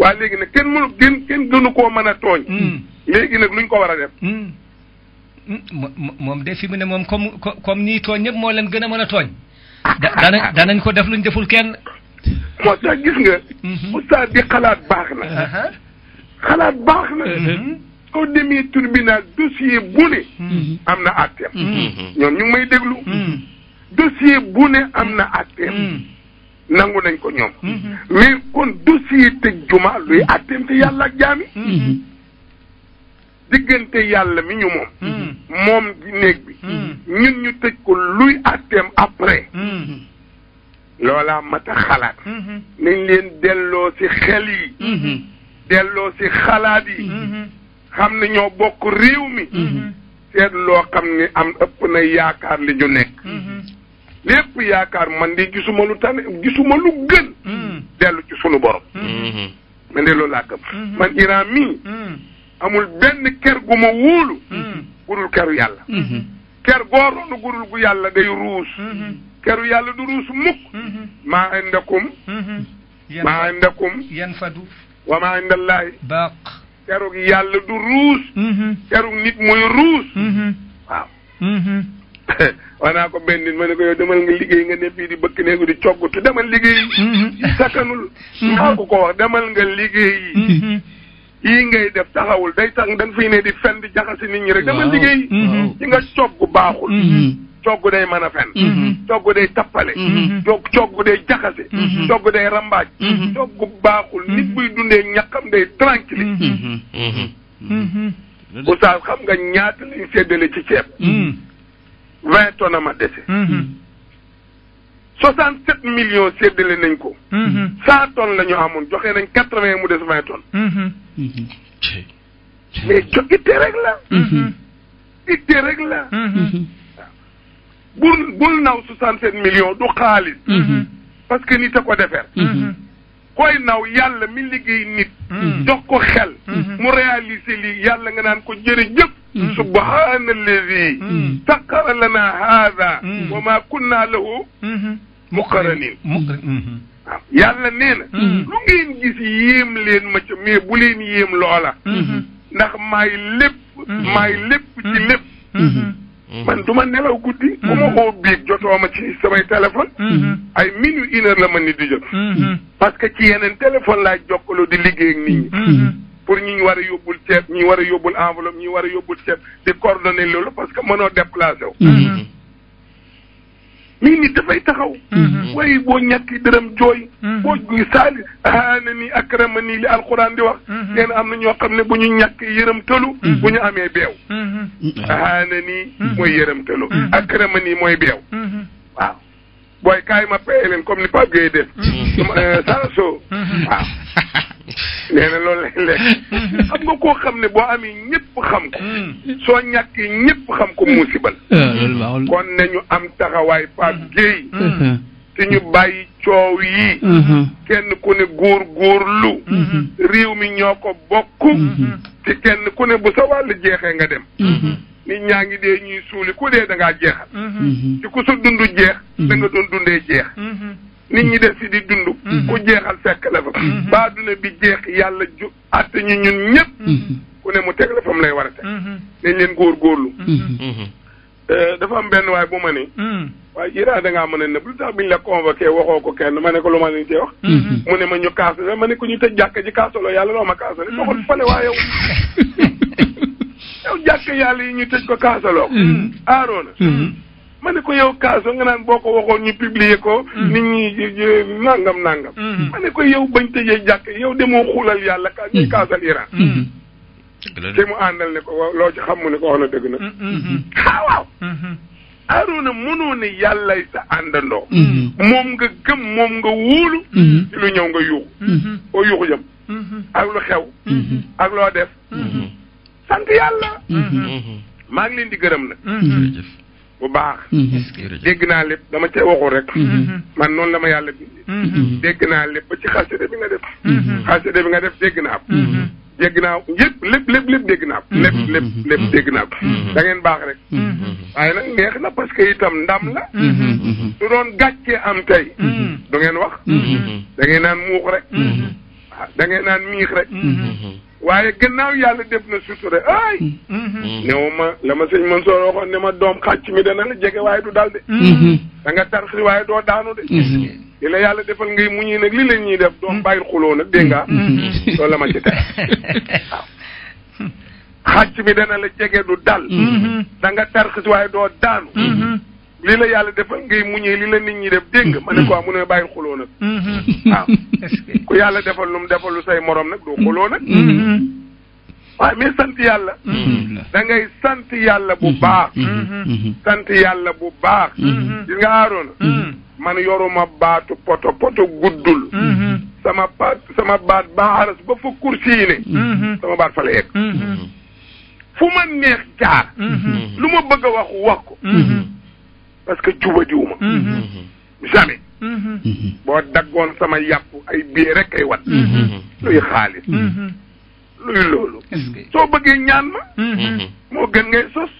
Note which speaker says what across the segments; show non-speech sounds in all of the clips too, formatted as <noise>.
Speaker 1: waa léegi nag kenn mënu kenn gënu koo mën a tooñ. Mm. léegi nag luñ ko war a def. Mm.
Speaker 2: Mm. moom de fi mu ne moom comme comme nii tooñ ñëpp moo leen gën a mën a tooñ. danañ ah. danañ ko def luñ deful kenn. moo tax gis nga. Mm-hmm. oustaz bi xalaat
Speaker 1: baax na. Uh-huh. xalaat baax na. soo mm-hmm. demee tribunal dossier bu
Speaker 2: mm-hmm.
Speaker 1: am na àtteem. ñoom ñu ngi may déglu. dossier bu ne am na àtteem. nangu nañ ko ñoom mm-hmm. mais kon dossier tëj juma luy àtteem te yàlla ak jaami mm-hmm. diggante yàlla mi ñu moom mm-hmm. moom gi néeg bi ñun ñu tëj ko luy àtteem après loola mat a xalaat nañ leen delloo ci xel yi delloo ci xalaat yi xam ne ñoo bokk réew mi seet loo xam ne am ëpp na yaakaar li ñu nekk lépp yaakaar man de gisuma lu tane gisuma lu gën. Hmm. dellu ci sunu hmm. Hmm. man de laa gëm. man Iran mii. amul benn ker gu ma wóolu. gudul keru yàlla. ker gooroonu gudul gu yàlla day ruus. keru yàlla du ruus mukk. maa indakum. maa indakum. wa maa indallahi. baaq. kerug yàlla du ruus. nit muy ruus. <laughs> wax ko benn nit ma ne ko yow demal nga liggéey nga ne di bëkk neegu di coggatu demal liggéey mm-hmm. sakanul
Speaker 2: mm-hmm. maa ko
Speaker 1: ko wax demal nga liggéey mm-hmm. yii ngay def taxawul day tax dan fiy ne di fen di jaxasi nit ñi rek demal liggéey ci nga cogg baaxul cogg day mën a fen cogg day tappale cogg cogg day jaxase cogg day rambaaj cogg baaxul nit buy dundee ñaqam day tranquille oustaz xam nga ñaat lañ séddale ci ceeb vingt tonnes ma dese. Mm-hmm. soixante sept millions séddale nañ ko. Mm-hmm. cent tonnes la ñu amoon joxe nañ quatre vingt mu des vingt tonnes.
Speaker 2: Mm-hmm.
Speaker 1: mais jo itte rek la. itte rek la. bul bul naw soixante sept millions du xaalis. parce que nit a ko defar. koy naw yàlla mi liggéey nit. jox ko xel. mu réaliser lii yàlla nga naan ko jërëjëf. سبحان الذي سخر لنا هذا وما كنا له مقرنين yàlla nee na lu ngeen gis yéem leen ma ca mais bu leen yéem loola ndax maay lépp maay lépp ci lépp man du nelaw guddi bu ma oo biig jotoo ma ci samay téléphone ay minuit une heure la ma ni di jot parce que ci yeneen téléphone laay jokkaloo di liggéey ak nit ñi pour ñi ñu war a yóbbul ceeb ñi war a yóbbul enveloppe ñi war a yóbbul ceeb di coordonner loolu parce que mënoo déplacé wu. mii mm-hmm. nit dafay taxaw. Mm-hmm. waaye boo ñàkki dërëm jooy. Mm-hmm. boo ñu saali aana ni akrama nii li alxuraan di wax. nee am na ñoo xam ne bu ñu ñàkk yërëm tëlu. bu ñu amee beew. aana nii mooy yërëm tëlu. akrama nii mooy beew. waaw booy kaay ma paye leen comme ni Pape Gueye def. <laughs> sama euh, so
Speaker 2: waaw. nee na
Speaker 1: loolu lay lekk <laughs> nga koo xam ne boo amee ñëpp xam ko hmm. soo ñàkkee ñëpp xam ko muusibal
Speaker 2: hmm. ah, kon
Speaker 1: nañu am taxawaay Pape hmm. Gueye te ñu bàyyi coow yi kenn ku ne góor góorlu réew mi ñoo ko bokk te kenn ku ne bu sa wàll jeexee nga dem
Speaker 2: nit ñaa ngi dee
Speaker 1: ñuy suuli ku dee da ngaa
Speaker 2: jeexal
Speaker 1: te ku sa dund jeex danga nga doon dundee jeex ni ñi def si di dund mm-hmm. ku jeexal fekk la fa mm-hmm. ba adduna bi jeex yàlla ju àtte ñu ñun ñëpp mm-hmm. ku ne mu teg la fa mu lay war a teg nañ
Speaker 2: leen
Speaker 1: euh, dafa am benn waay bu ma ni waaye Ira da ngaa mën a nëbb lu tax biñ la convoqué waxoo ko kenn ma ne ko lu ma
Speaker 2: leen
Speaker 1: ma ñu kaas la ma ne ko ñu tëj jàkk ji kaasoloo yàlla loo ma kaasale doxal fale waa yow <laughs> yow jàkk yàlla yi ñu tëj ko kaasaloo aaroona ma ne ko yow kaaso nga naan boo ko waxoon ñu publier ko. Mm. nit ñi nangam nangam. Mm-hmm. ma ko yow bañ tëjee jàkk yow demoo xulal yàlla ka ñuy mm-hmm. kaasal Iran. Mm-hmm. te mu àndal ne ko waaw loo ci xam mu ne ko wax na dëgg nag. ah waaw. Arouna mënoo ne yàllay sa àndandoo. moom nga gëm moom nga wóolu. ci lu ñëw nga yuuxu. oo yuuxu jëm. ak lu xew. ak loo def. sant yàlla. maa ngi leen di gërëm
Speaker 2: nag. bu baax. Mhm.
Speaker 1: dégg naa lépp dama cee waxul rek. Mhm. man noonu la ma yàlla bindee. Mhm. dégg naa lépp ba ci xasida bi nga def. xasida bi nga def dégg naa ko. dégg lépp lépp lépp dégg naa ko. lépp lépp lépp dégg naa ko. da baax rek. waaye nag neex na parce que itam ndam la. su doon gàccee am tey. du ngeen wax. da ngeen naan muux rek. Ah, da naan miix rek. waaye gannaaw yàlla def na sutura ay mm.
Speaker 2: mm-hmm. mm-hmm. new
Speaker 1: ma la ma sëñ Mansoor waxoon ne ma doom xàcc mi dana la jege waaye du dal de mm-hmm. da nga tarxi waaye doo daanu de li la yàlla defal ngay muñi nag li leen ñuy def doom bàyyil xuloo nag dégg nga loolu la ma ci teg <laughs> waaw xàcc mi dana la jege du dal danga nga tarxi waaye doo daanu lii la yàlla defal ngay muñee li la nit ñi def dégg nga ma ne ko mu ne bàyyi xuloo nag
Speaker 2: mm-hmm. waaw <laughs>
Speaker 1: ku yàlla defal lu mu defal lu say morom nag doo xuloo nag mm-hmm. waaye mais sant yàlla mm-hmm. da sant yàlla bu baax sant yàlla bu baax gis nga man yoruma baatu poto poto guddul sama baat sama baat baaras ba fa kursi yi ne sama baat fa la yegg fu ma neex jaar lu ma bëgg a wax wax ko parce que jubadiwuma mhm. jamais mhm. boo daggoon sama yàpp ay biir rek ay wat mhm. luy
Speaker 2: xaalis luy
Speaker 1: loolu soo bëggee ñaan ma moo gën ngay sos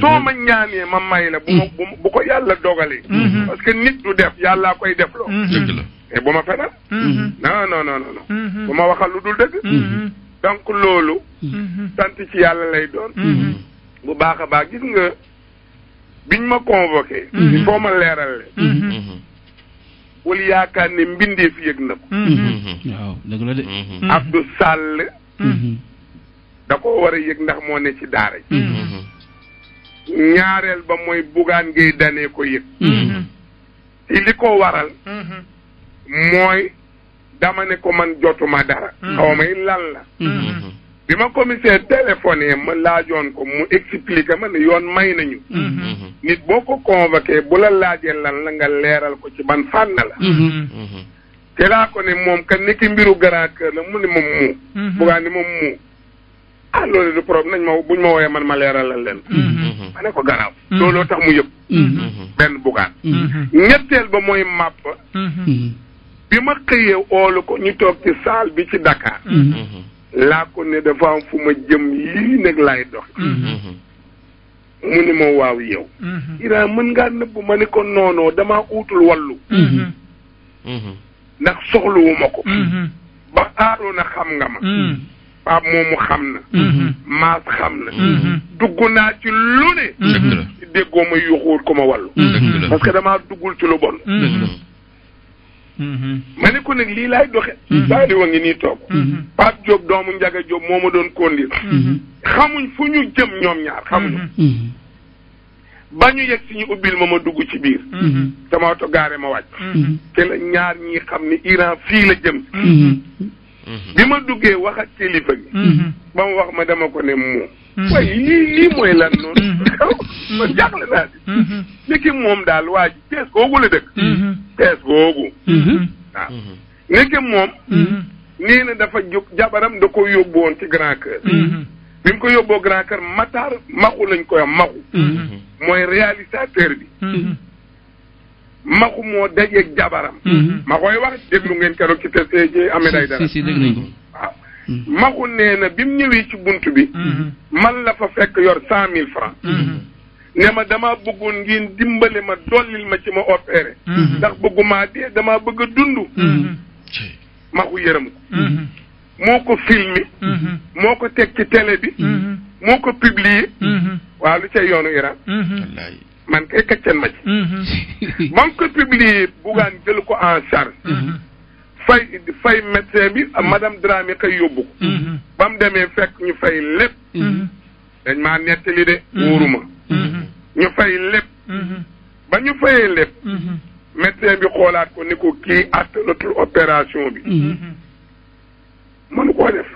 Speaker 1: soo ma ñaanee ma may la bu ma bu ko yàlla dogalee parce que nit du def yàllaa koy def loo mais bu ma fenal non non non non bu ma waxal lu dul dëgg donc loolu sant ci yàlla lay doon bu baax a baax gis nga biñ ma convoqué. il mhm. faut ma leeral leen. Mhm. Mhm. wala yaakaar ne mbindeef yëg na ko. waaw dëgg la de. Abdou Sall. da ko war a yëg ndax moo ne ci daara ñaareel ba mooy bugaan ngay danee ko yëg. ci li ko waral. mooy dama ne ko man jotuma dara. xaw may lan la. bi ma commissaire téléphoné ma laajoon ko mu expliqué ma ne yoon may nañu. Mm-hmm. Mm-hmm. nit boo ko convoqué bu la laajee lan la nga leeral ko ci ban fànn la.
Speaker 2: Mm-hmm.
Speaker 1: te laa ko ne moom ka niki mbiru Grand Cœur la mu ne moom mu. bugaa ni moom mu. Ah, du problème nañ ma buñ ma woowee man ma leeralal leen. ma ne ko garaaw. looloo tax mu yëpp. benn bugaan. ñetteel ba mooy màpp. bi ma xëyee oolu ko ñu toog ci salle bi ci Dakar. laa ko ne dafa fu ma jëm lii nag laay dox
Speaker 2: mhm. mu ni ma waaw yow mhm. Iran mën ngaa
Speaker 1: nëbb ma ni ko noonoo dama uutul wallu mhm. ndax soxluwu ma ko ba aaroona xam nga ma Pape moomu xam na maas xam na dugg naa ci lu ne déggoo ma yuuxuwut ko ma wallu parce que damaa duggul ci lu bon Mm-hmm. ma ne ko nag lii laay doxe mm-hmm. saali wa ngi nii toog mm-hmm. Pape Diop doomu Njaga Diop moo ma doon kondir xamuñ fu ñu jëm ñoom ñaar xamuñu ba ñu yegg si ñu ma ma dugg ci biir sama oto gaare ma wàcc te la ñaar xam ne Iran fii la jëm bi ma duggee wax ak ba ma dama ko ne moom
Speaker 2: waaye lii lii mooy lan noonu
Speaker 1: <laughs> ma jaaxle naa di ndekki moom daal waa ji tees googu waaw mhm. ah. mhm. moom mhm. nee na dafa jóg jabaram da ko yóbbu woon ci grand cœur bi mu ko yóbboo grand cœur mataar maxu lañ koy am maxu mooy réalisateur bi maxu moo dajeeg jabaram ma koy wax déglu ngeen keroog ci te ci amee day dara waaw maxu nee na bi mu ñëwee ci bunt bi man la fa fekk yor cent mille
Speaker 2: francs
Speaker 1: ne ma dama bëggoon ngeen dimbale ma dollil ma ci ma opéré. Mhm. ndax bëggumaa dee damaa bëgg a dund. Mhm. maxu yërëm ko. Mhm. moo ko filmé. moo ko teg ci télé bi. moo ko publié. waaw lu cay yoonu Iran. man kay kaccen ma ci. ma ko publié bugaan jël ko en charge. fay fay médecin bi madame Dramé yóbbu ko. ba mu demee fekk ñu fay lépp. dañ maa nettali de wóoruma. ñu fay lépp mhm. ba ñu fayee lépp mhm. médecin bi xoolaat ko ni ko kii attanatul opération bi mhm. mënu koo def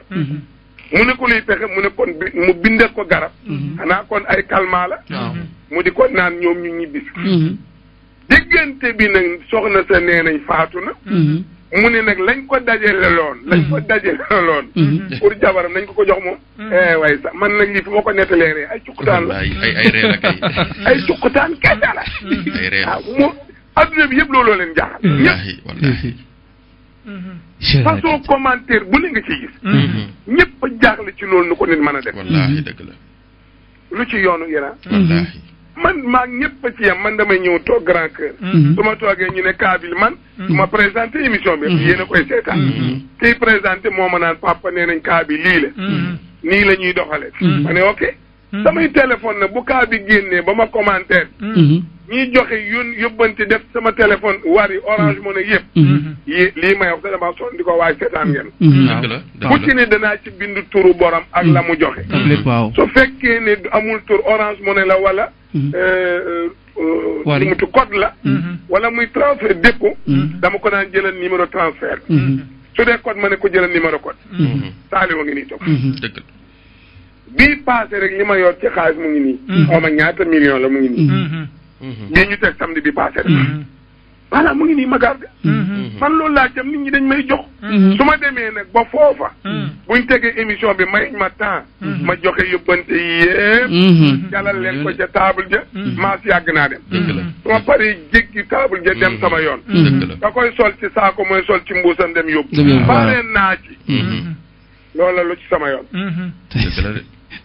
Speaker 1: mu ne ko luy pexe mu ne kon bi mu bindal ko garab xanaa kon ay calmant la mu di ko naan ñoom ñu ñibbisi diggante bi nag soxna sa nee nañ faatu na mu ne nag lañ ko dajale loon lañ ko mhm. dajale loon mhm. pour jabaram nañ ko ko jox moom mhm. eh waaye sax man nag lii fi ma ko nettalee ree ay cukkutaan la ay
Speaker 2: ay ree la kay
Speaker 1: ay cukkutaan kese la ay ree la ah, moom adduna bi yëpp looloo leen jaaxal ñëpp
Speaker 2: wallaahi façon
Speaker 1: commentaire bu ne nga ci gis ñëpp a jaaxle ci loolu nu ko nit mën a def wallaahi dëgg lu ci yoonu yéena man maa ñëpp ci yam man damay ñëw toog grand cœur. Mhm. su ma toogee ñu ne Kabil man. su mhm. ma présenté émission bi. Mhm. yéen a koy seetaan. kiy présenté moo ma naan papa nee nañ Kabil lii la. nii la ñuy doxalee. ok. samay téléphone na bu Kabil génnee ba ma commentaire. ñiy joxe yón yóbbante def sama téléphone war yi orange moo ne yëpp mm-hmm. Mm-hmm. yi lii may wax dama son di ko waay seetaan ngeen
Speaker 2: mm-hmm. ku ci
Speaker 1: ne danaa ci bind turu borom ak la mu joxe soo fekkee ne amul tur orange moo la wala euh, euh, wari mu tu code la wala muy transfert déko dama ko daan jëlal numéro transfert
Speaker 2: su
Speaker 1: dee code ma ne ko jëlal numéro code a ngi nii toog bii passé rek li ma yor ci xaalis mu ngi nii xaw ñaata million la mu ngi nii ñee mm-hmm. ñu teg samedi bi passé rek mm-hmm. mu ngi nii ma garde mm-hmm. man loolu laa jëm nit ñi dañ may jox su ma demee ne ba foofa buñ tegee émission bi may ma temps ma joxe yóbbante yépp jalal leen ko ca table ja maas yàgg naa dem su ma paree taa table ja dem sama yoon da koy sol ci saako mooy sol ci mbuusam dem yóbbu baaleen naa ci loola lu ci sama yoon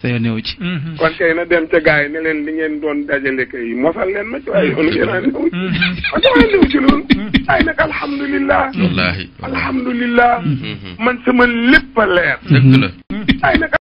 Speaker 2: sa yoon ñëw ci. Mhm.
Speaker 1: kon kay na dem ca gars li ngeen doon dajale kay mosal leen ma ci waaye yoonu ngeen a ñëw. man damaa ñëw ci loolu. Mhm. ay nag alhamdulilah. wallaahi alhamdulilah.
Speaker 2: Mhm. man sama lépp a leer. dëgg